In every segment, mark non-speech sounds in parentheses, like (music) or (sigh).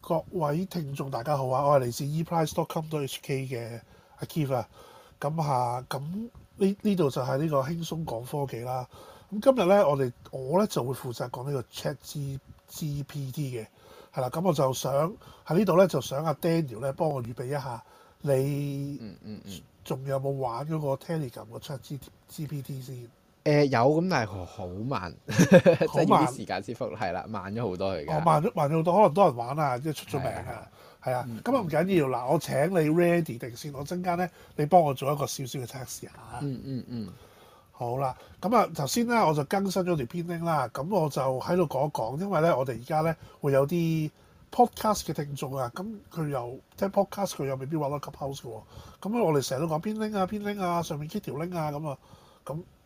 各位聽眾，大家好、e、啊！我係嚟自 ePrice Stock .com.hk 嘅阿 Kifa，咁下咁呢呢度就係呢個輕鬆講科技啦。咁、啊、今日咧，我哋我咧就會負責講呢個 Chat G GPT 嘅係啦。咁我就想喺呢度咧，就想阿 Daniel 咧，幫我預備一下你，仲有冇玩嗰個 Telegram 嘅 Chat G GPT 先？誒、呃、有咁，但係好慢，好慢。要啲 (laughs) 時間先覆，係啦，慢咗好多佢嘅。哦，慢咗慢咗好多，可能多人玩啊，即係出咗名啊，係啊、嗯。咁啊唔緊要，嗱，我請你 ready 定先，我陣間咧，你幫我做一個少少嘅 test 下。嗯嗯嗯。好啦，咁啊，頭先咧我就更新咗條 pin link 啦，咁我就喺度講一講，因為咧我哋而家咧會有啲 podcast 嘅聽眾啊，咁佢又即聽 podcast，佢又未必話得 Clubhouse 嘅，咁我哋成日都講 pin link 啊，pin link 啊，上面揭條 link 啊，咁啊，咁。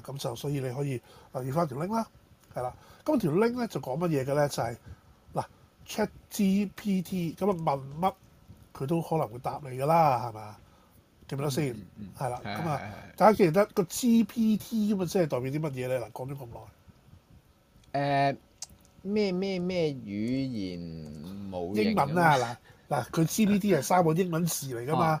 咁、啊、就所以你可以留意翻條 link 啦，係啦。咁條 link 咧就講乜嘢嘅咧？就係嗱，ChatGPT 咁啊問乜佢都可能會答你噶啦，係、嗯、嘛？點樣先？係啦。咁啊，大家記得個 GPT 咁啊，即係代表啲乜嘢咧？嗱，講咗咁耐。誒，咩咩咩語言冇英文啊？嗱嗱 (laughs) 啊，佢、啊、GPT 係三個英文字嚟㗎嘛。Uh,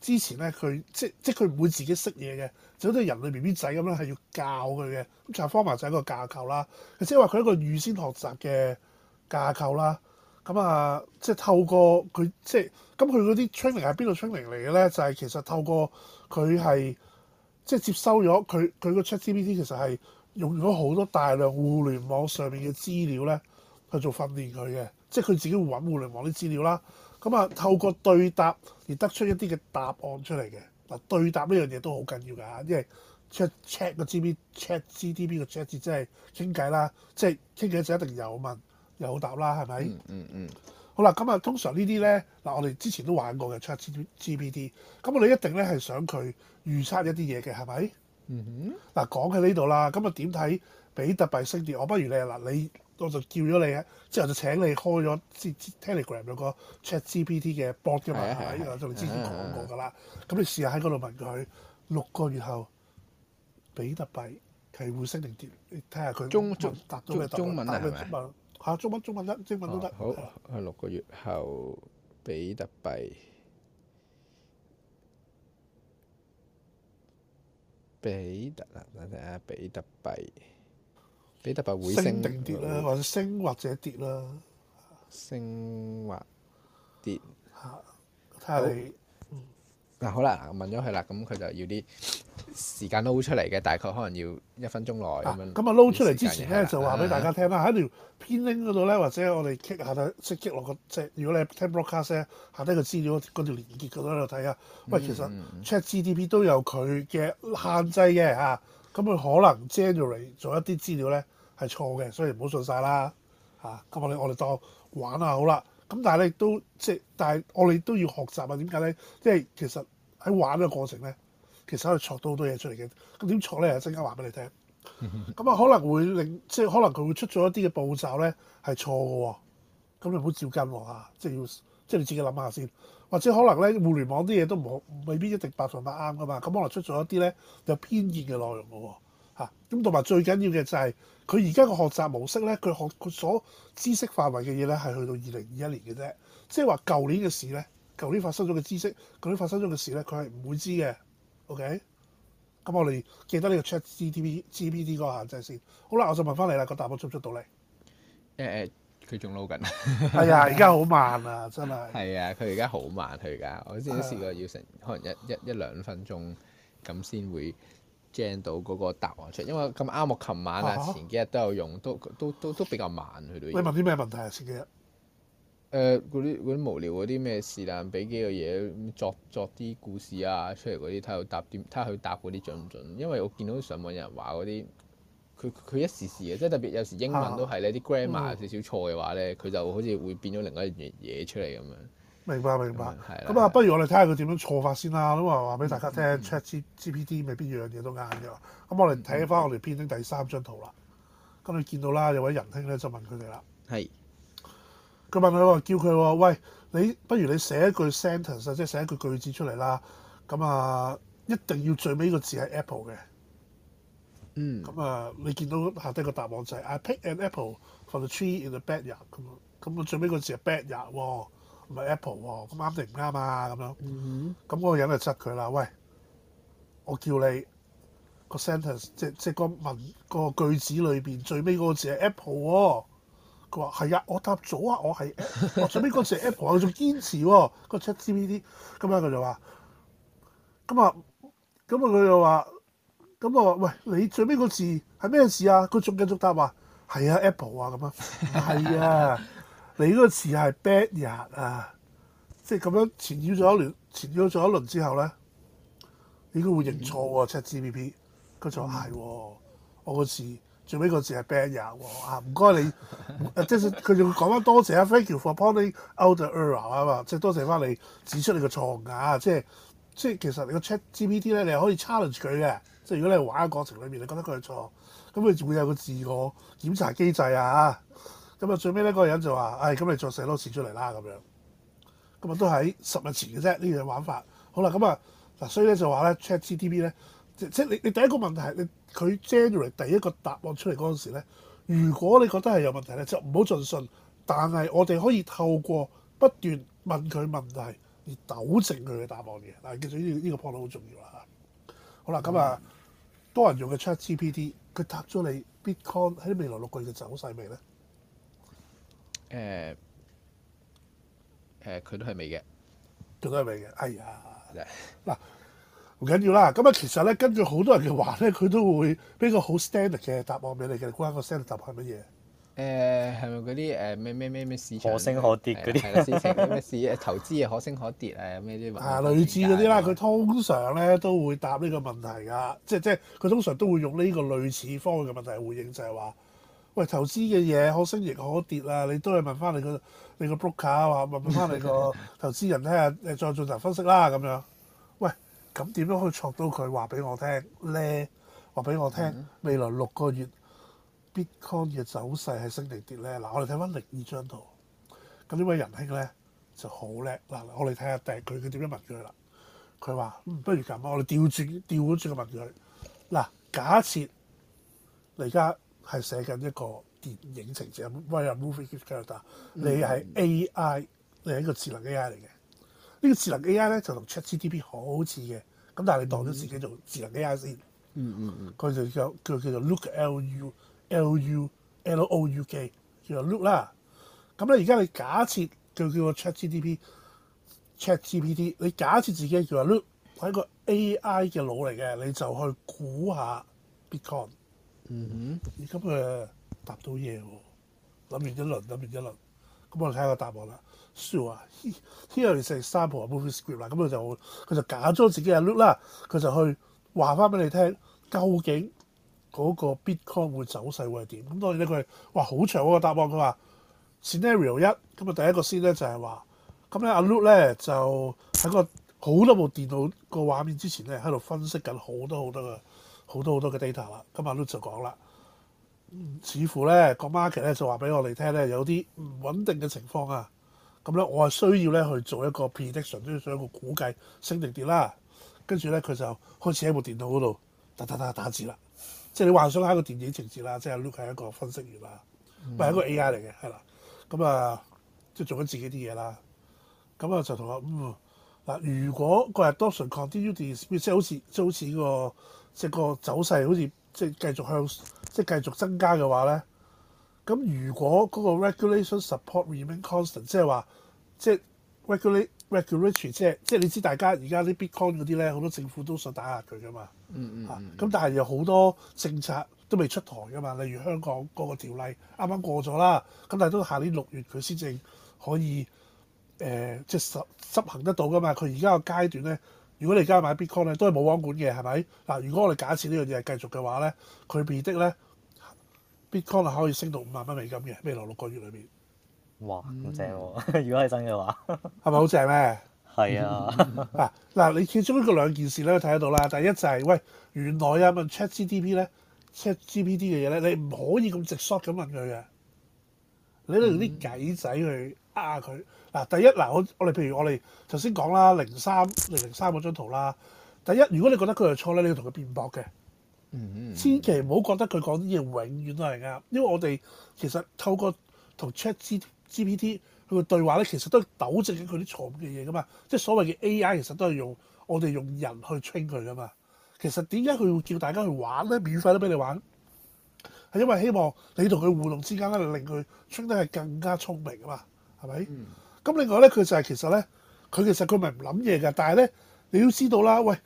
之前咧，佢即即佢唔會自己識嘢嘅，就好似人類 B B 仔咁樣，係要教佢嘅。咁就係 Formal 仔嗰個架構啦。即係話佢一個預先學習嘅架構啦。咁啊，即係透過佢即係咁，佢嗰啲 training 係邊度 training 嚟嘅咧？就係其實透過佢係即係接收咗佢佢個 ChatGPT 其實係用咗好多大量互聯網上面嘅資料咧，去做訓練佢嘅。即係佢自己會揾互聯網啲資料啦。咁啊，透過對答而得出一啲嘅答案出嚟嘅。嗱，對答呢樣嘢都好緊要㗎，因為 chat chat 個 G B chat G T B 個 chat 字即係傾偈啦，即係傾偈就一定有問有答啦，係咪？嗯，嗯嗯。好啦，咁啊，通常呢啲咧，嗱，我哋之前都玩過嘅 chat G B G P D，咁我哋一定咧係想佢預測一啲嘢嘅，係咪？嗯哼。嗱，講喺呢度啦，咁啊點睇比特幣升跌，我不如你，嗱你。我就叫咗你嘅，之後就請你開咗 Telegram 有個 ChatGPT 嘅 bot 噶嘛，係咪的？呢個的我哋之前講過噶啦。咁的你試下喺嗰度問佢的六個月後比特幣係會升定跌？你睇下佢達唔達到中文係、啊、咪、啊啊？中文、中文得，中文都得、啊。好，係、嗯、六個月後比特幣，比特啊，等等啊，比特幣。比特幣會升定跌啦，或者升或者跌啦。升或跌嚇，睇下、啊、你嗱好啦、嗯啊，我問咗佢啦，咁佢就要啲時間撈出嚟嘅，大概可能要一分鐘內咁、啊、樣。咁啊撈出嚟之前咧、就是，啊、就話俾大家聽啦，喺條 pinned link 嗰度咧，或者我哋 click 下，即係 click 落個即係，如果你聽 broadcast 咧，下低個資料嗰條連結嗰度睇下。喂，嗯嗯、其實 ChatGPT 都有佢嘅限制嘅嚇。啊咁佢可能 generate 咗一啲資料咧係錯嘅，所以唔好信晒啦嚇。咁、啊、我哋我哋當玩下好啦。咁但係咧都即係，但係我哋都要學習啊。點解咧？即係其實喺玩嘅過程咧，其實可以學到好多嘢出嚟嘅。咁點學咧？我即刻話俾你聽。咁啊，可能會令即係可能佢會出咗一啲嘅步驟咧係錯嘅、哦。咁你唔好照跟我啊！即係要。即係你自己諗下先，或者可能咧互聯網啲嘢都唔未必一定百分百啱噶嘛。咁可能出咗一啲咧有偏見嘅內容嘅喎，咁同埋最緊要嘅就係佢而家個學習模式咧，佢學佢所知識範圍嘅嘢咧係去到二零二一年嘅啫。即係話舊年嘅事咧，舊年發生咗嘅知識，舊年發生咗嘅事咧，佢係唔會知嘅。OK，咁我哋記得呢個 ChatGPT GPT 嗰個限制先。好啦，我就問翻你啦，個答案出唔出到嚟？誒。Uh, 佢仲 load 緊，係啊！而家好慢啊，真係。係啊，佢而家好慢，佢而家我先試過要成可能一一一兩分鐘咁先會 gen 到嗰個答案出嚟。因為咁啱我琴晚啊前幾日都有用，都都都都比較慢佢都。你問啲咩問題啊？前幾日？誒嗰啲嗰啲無聊嗰啲咩事啦、啊，俾幾個嘢作作啲故事啊出嚟嗰啲，睇下答啲睇下佢答嗰啲準唔準？因為我見到上網有人話嗰啲。佢佢一時時嘅，即係特別有時英文都係呢啲 grammar 少少錯嘅話咧，佢、嗯、就好似會變咗另外一樣嘢出嚟咁樣。明白，明白。係咁啊，不如我哋睇下佢點樣錯法先啦。咁啊，話俾大家聽，Chat、嗯嗯、G G P T 未必樣嘢都啱嘅。咁我哋睇翻我哋編輯第三張圖啦。咁你見到啦，有位仁兄咧就問佢哋啦。係是。佢問佢話叫佢話，喂，你不如你寫一句 sentence，即係寫一句句，句子出嚟啦。咁啊，一定要最尾個字係 apple 嘅。嗯，咁啊， (music) 你見到下低個答案就係 I pick an apple for the tree in the backyard 咁、哦哦、啊，咁啊最尾個字係 backyard 喎，唔係 apple 喎，咁啱定唔啱啊？咁樣，咁嗰、嗯、個人就質佢啦，喂，我叫你 ans, 個 sentence，即即個問個句子裏邊最尾嗰個字係 apple 喎、哦，佢話係啊，我答咗、 (laughs) 哦、啊，我係，我最尾嗰字係 apple，啊。我仲堅持喎，個 ChatGPT，咁樣佢就話，咁啊，咁啊佢就話。咁我話：喂，你最尾、啊啊啊、 (laughs) 個字係咩字啊？佢逐嘅逐答話：係啊，Apple 啊咁啊，係啊，你嗰個字係 Bad 呀啊！即係咁樣纏繞咗一輪，纏繞咗一輪之後咧，你應該會認錯喎、啊、ChatGPT。佢 ch 就話喎、哎，我個字最尾個字係 Bad 呀喎、啊！啊，唔該你，即係佢仲會講翻多謝啊 (laughs) ，Thank you for pointing out the error 啊嘛，即係多謝翻你指出你個錯誤啊！即係即係其實你個 ChatGPT 咧，你係可以 challenge 佢嘅。即係如果你玩嘅過程裏面你覺得佢係錯，咁佢會有個自我檢查機制啊。咁啊最尾咧嗰個人就話：唉、哎，咁你再寫多次出嚟啦咁樣。咁啊都喺十日前嘅啫，呢樣玩法。好啦，咁啊嗱，所以咧就話咧，ChatGPT 咧，即係你你第一個問題，你佢 generate 第一個答案出嚟嗰陣時咧，如果你覺得係有問題咧，就唔好盡信。但係我哋可以透過不斷問佢問題而糾正佢嘅答案嘅。嗱、啊，叫做呢呢個 protocol 好重要啦。好啦，咁啊。嗯多人用嘅 ChatGPT，佢答咗你 Bitcoin 喺未來六個月嘅走勢未咧？誒誒、uh, uh，佢都係未嘅，仲係未嘅。哎呀，嗱， (laughs) 唔緊要啦。咁啊，其實咧，根據好多人嘅話咧，佢都會俾個好 standard 嘅答案俾你嘅。你估下個 standard 答案係乜嘢？誒，係咪嗰啲誒，咩咩咩咩，市場可升可跌，嗰啲事情咩市，誒，投資啊可升可跌啊咩啲啊類似嗰啲啦，佢通常咧都會答呢個問題㗎，即係即係佢通常都會用呢個類似方向嘅問題回應，就係話喂，投資嘅嘢可升亦可跌啊，你都係問翻你個你個 broker 問，問翻你個投資人聽下，再進行分析啦咁樣。喂，咁點樣樣可以捉到佢話俾我聽咧？話俾我聽未來六個月。Bitcoin 嘅走勢係升定跌咧？嗱，我哋睇翻另一張圖，咁呢位仁兄咧就好叻。嗱，我哋睇下第佢嘅點樣問佢啦。佢話、嗯：不如咁，我哋調轉調翻轉個問句。嗱，假設你而家係寫緊一個電影程式 （movie character），你係 AI，、mm. 你係一個智能 AI 嚟嘅。呢、這個智能 AI 咧就同 ChatGPT 好，好似嘅，咁但係你當咗自己做智能 AI 先。嗯嗯嗯。佢就叫佢叫，叫做 LookLU。L U L O U G 叫做 Luke 啦，咁咧而家你假設叫叫做 Chat GPT，Chat GPT 你假設自己叫話 Luke 係一個 AI 嘅腦嚟嘅，你就去估下 Bitcoin。嗯哼、mm，而家佢答到嘢喎，諗完一輪，諗完一輪，咁我睇下個答案啦。Sure 啊，Here 嚟成三部 movie script 啦，咁佢就佢就假裝自己係 Luke 啦，佢就去話翻俾你聽究竟。嗰個 Bitcoin 會走勢會係點？咁當然咧，佢係話好長嗰個答案。佢話 scenario 一咁啊，第一個先咧就係話咁咧，阿 Luke 咧就喺個好多部電腦個畫面之前咧喺度分析緊好多好多嘅好多好多嘅 data 啦。咁阿 Luke 就講啦，似乎咧個 market 咧就話俾我哋聽咧有啲唔穩定嘅情況啊。咁咧我係需要咧去做一個 prediction，都要做一個估計升定跌啦。跟住咧佢就開始喺部電腦嗰度打打打打字啦。即係你幻想下個電影情節啦，即係 Luke 係一個分析員啦，唔係、mm. 一個 A.I. 嚟嘅係啦，咁啊即係做緊自己啲嘢啦。咁啊就同話嗯嗱，如果個 Adoption Continuity，即係好似即係好似、個即係、即係、個走勢好，好似即係繼續向即係、即係、繼續增加嘅話咧，咁如果嗰個 Regulation Support Remain Constant，即係話即係 Regulate。即係 Regulate, Regulatory 即係即係你知，大家而家啲 Bitcoin 嗰啲咧，好多政府都想打壓佢噶嘛。嗯嗯、mm。嚇、hmm. 啊，咁但係有好多政策都未出台噶嘛。例如香港嗰個條例啱啱過咗啦，咁但係都下年六月佢先至可以誒即係執執行得到噶嘛。佢而家個階段咧，如果你而家買 Bitcoin 咧，都係冇監管嘅係咪？嗱，如果我哋假設呢樣嘢係繼續嘅話咧，佢變的咧 Bitcoin 啊可以升到五萬蚊美金嘅未來六個月裏面。哇，好正喎！ (laughs) 如果係真嘅話，係咪好正咧？係啊。嗱嗱、 (laughs) (laughs) 啊，你其中一個兩件事咧，你睇得到啦。第一就係、是、喂，原來啊問 ChatGPT 咧，ChatGPT 嘅嘢咧，你唔可以咁直率 h o 咁問佢嘅，你要用啲計仔去呃佢。嗱、嗯，第一嗱、啊，我我哋譬如我哋頭先講啦，零三零零三嗰張圖啦。第一，如果你覺得佢係錯咧，你要同佢辯駁嘅。嗯嗯。千祈唔好覺得佢講啲嘢永遠都係啱，因為我哋其實透過同 ChatG GPT 佢個對話咧，其實都糾正緊佢啲錯誤嘅嘢噶嘛，即係所謂嘅 AI 其實都係用我哋用人去 train 佢噶嘛。其實點解佢會叫大家去玩咧？免費都俾你玩，係因為希望你同佢互動之間咧，令佢 train 得係更加聰明啊嘛，係咪？咁，嗯，另外咧，佢就係其實咧，佢其實佢咪唔諗嘢嘅，但係咧，你都知道啦。喂，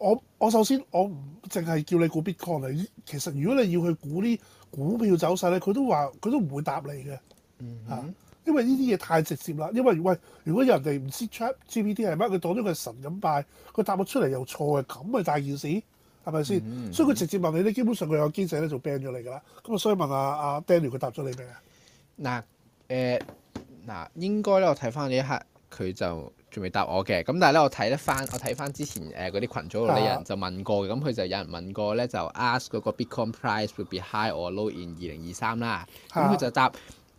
我我首先我唔淨係叫你估 Bitcoin，其實如果你要去估啲股票走勢咧，佢都話佢都唔會答你嘅。嗯、因為呢啲嘢太直接啦，因為喂，如果有人哋唔知 ChatGPT 係咩，佢當咗佢神咁拜，佢答咗出嚟又錯嘅，咁咪大件事係咪先？嗯、哼所以佢直接問你咧，基本上佢有個機制咧就 ban 咗你噶啦。咁啊，所以問下阿 Daniel 佢答咗你未？啊、呃？嗱、呃，誒、呃、嗱，應該咧，我睇翻呢一刻佢就仲未答我嘅。咁但係咧，我睇得翻，我睇翻之前誒嗰啲群組有人就問過嘅。咁佢、啊、就有人問過咧，就 ask 嗰個 Bitcoin price will be high or low in 二零二三啦。咁佢就答。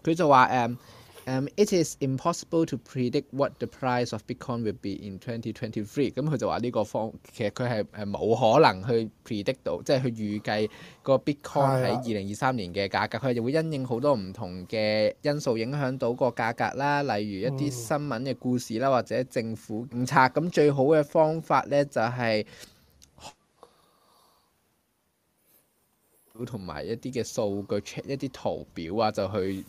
佢就話誒誒，It is impossible to predict what the price of Bitcoin will be in 2023。咁佢就話呢個方，其實佢係誒冇可能去 predict 到，即係佢預計個 Bitcoin 喺二零二三年嘅價格，佢就的會因應好多唔同嘅因素影響到個價格啦，例如一啲新聞嘅故事啦，或者政府政策。咁最好嘅方法咧就係、是，同埋一啲嘅數據 check 一啲圖表啊，就去，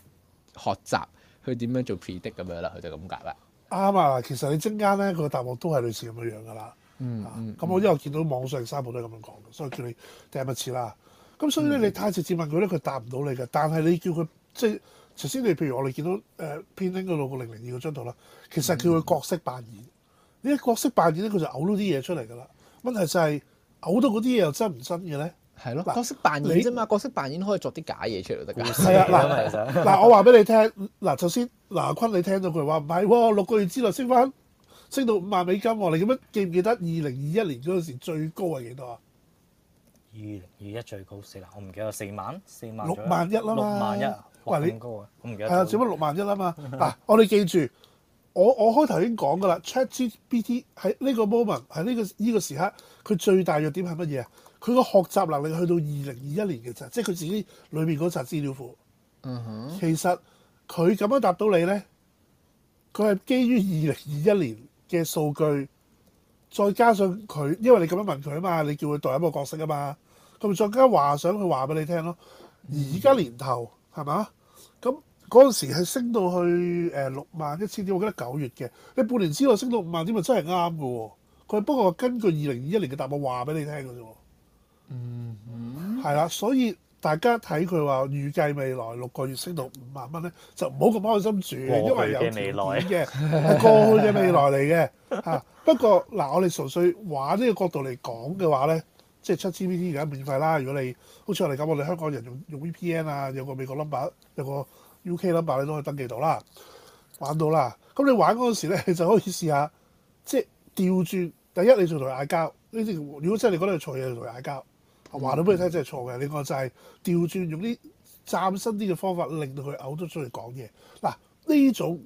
學習去點樣做 predict 咁樣啦，佢就咁解啦。啱啊，其實你即刻咧個答案都係類似咁嘅樣噶啦、嗯。嗯，咁、啊嗯、我因為見到網上三部都係咁樣講，所以叫你掟一次啦。咁所以咧你太直接問佢咧，佢答唔到你嘅。但係你叫佢即係，首先你譬如我哋見到誒、呃、片頂嗰度個零零二嗰張圖啦，其實叫佢角色扮演。你、嗯、角色扮演咧，佢就嘔到啲嘢出嚟㗎啦。問題就係、是、嘔到嗰啲嘢又真唔真嘅咧？係咯，角色扮演啫嘛，角色扮演可以作啲假嘢出嚟得噶。係啊，嗱，嗱我話俾你聽，嗱，頭先，嗱坤，你聽到佢話唔係喎，六個月之內升翻升到五萬美金喎，你咁樣記唔記得二零二一年嗰陣時最高係幾多啊？二零二一最高，我唔記得四萬，四萬六萬一啦嘛，六萬一。喂，你咁高啊，我唔記得係啊？做乜六萬一啦嘛？嗱，我哋記住，我我開頭已經講噶啦，ChatGPT 喺呢個 moment 喺呢個呢個時刻，佢最大弱點係乜嘢啊？佢個學習能力去到二零二一年嘅咋，即係佢自己裏面嗰層資料庫。嗯哼、uh，huh. 其實佢咁樣答到你咧，佢係基於二零二一年嘅數據，再加上佢，因為你咁樣問佢啊嘛，你叫佢代入一個角色啊嘛，咁再加上話想去話俾你聽咯。而家年頭係嘛？咁嗰陣時係升到去誒六萬一千點，我記得九月嘅，你半年之內升到五萬點，咪真係啱㗎喎。佢不過根據二零二一年嘅答案話俾你聽㗎啫。嗯，係啦、mm hmm.，所以大家睇佢話預計未來六個月升到五萬蚊咧，就唔好咁開心住， (laughs) 因為有未來嘅，係過去嘅未來嚟嘅嚇。不過嗱，我哋純粹玩呢個角度嚟講嘅話咧，即係 ChatGPT 而家免費啦。如果你好似我哋咁，我哋香港人用用 V P N 啊，有個美國 number，有個 U K number，你都可以登記到啦，玩到啦。咁你玩嗰陣時咧，你就可以試下即係調轉。第一，你仲同人嗌交，你如果真係你覺得你嘈嘢，就同人嗌交。話到俾你聽，真係錯嘅。另外就係調轉用啲嶄新啲嘅方法，令到佢嘔都出嚟講嘢嗱。呢種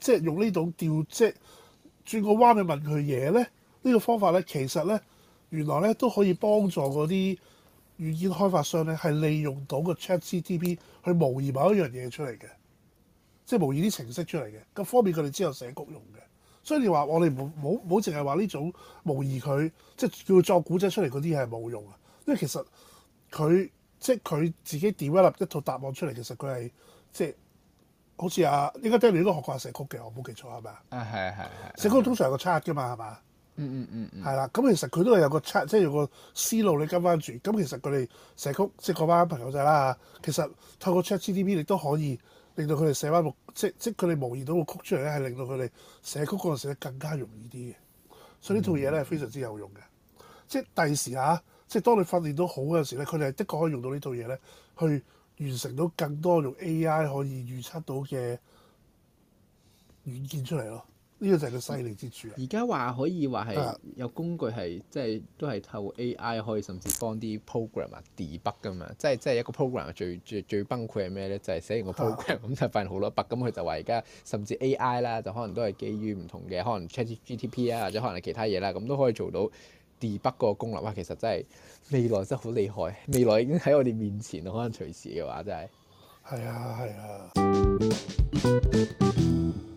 即係用呢種調即係轉個彎去問佢嘢咧。呢個方法咧，其實咧原來咧都可以幫助嗰啲軟件開發商咧，係利用到個 ChatGPT 去模擬某一樣嘢出嚟嘅，即係模擬啲程式出嚟嘅。咁方便佢哋之後寫局用嘅。所以你話我哋唔好唔好淨係話呢種模擬佢即係叫作古仔出嚟嗰啲係冇用啊！因為其實佢即係佢自己點一一套答案出嚟，其實佢係即係好似啊，呢個 Daniel 應該學過寫曲嘅，我冇記錯係嘛？啊，係係係。寫曲通常有個 chart 㗎嘛，係嘛？嗯嗯嗯嗯。係啦，咁其實佢都係有個 chart，即係有個思路你跟翻住。咁其實佢哋寫曲即係嗰班朋友仔啦，其實透過 ChatGPT 亦都可以令到佢哋寫翻部即即佢哋模擬到個曲出嚟咧，係令到佢哋寫曲嗰陣時咧更加容易啲嘅。所以套呢套嘢咧係非常之有用嘅，即係第時啊。即係當你訓練到好嘅時咧，佢哋係的確可以用到呢套嘢咧，去完成到更多用 AI 可以預測到嘅軟件出嚟咯。呢、這個就係個犀利之處。而家話可以話係有工具係、啊、即係都係透過 AI 可以甚至幫啲 program 啊 debug 㗎嘛，即係即係一個 program 最最最崩潰係咩咧？就係、是、寫完個 program 咁、啊嗯、就發現好多 bug。咁佢就話而家甚至 AI 啦，就可能都係基於唔同嘅可能 ChatGPT 啊，或者可能係其他嘢啦，咁都可以做到。二北個功能啊，其實真係未來真係好厲害，未來已經喺我哋面前，可能隨時嘅話，真係。係啊，係啊。 (music)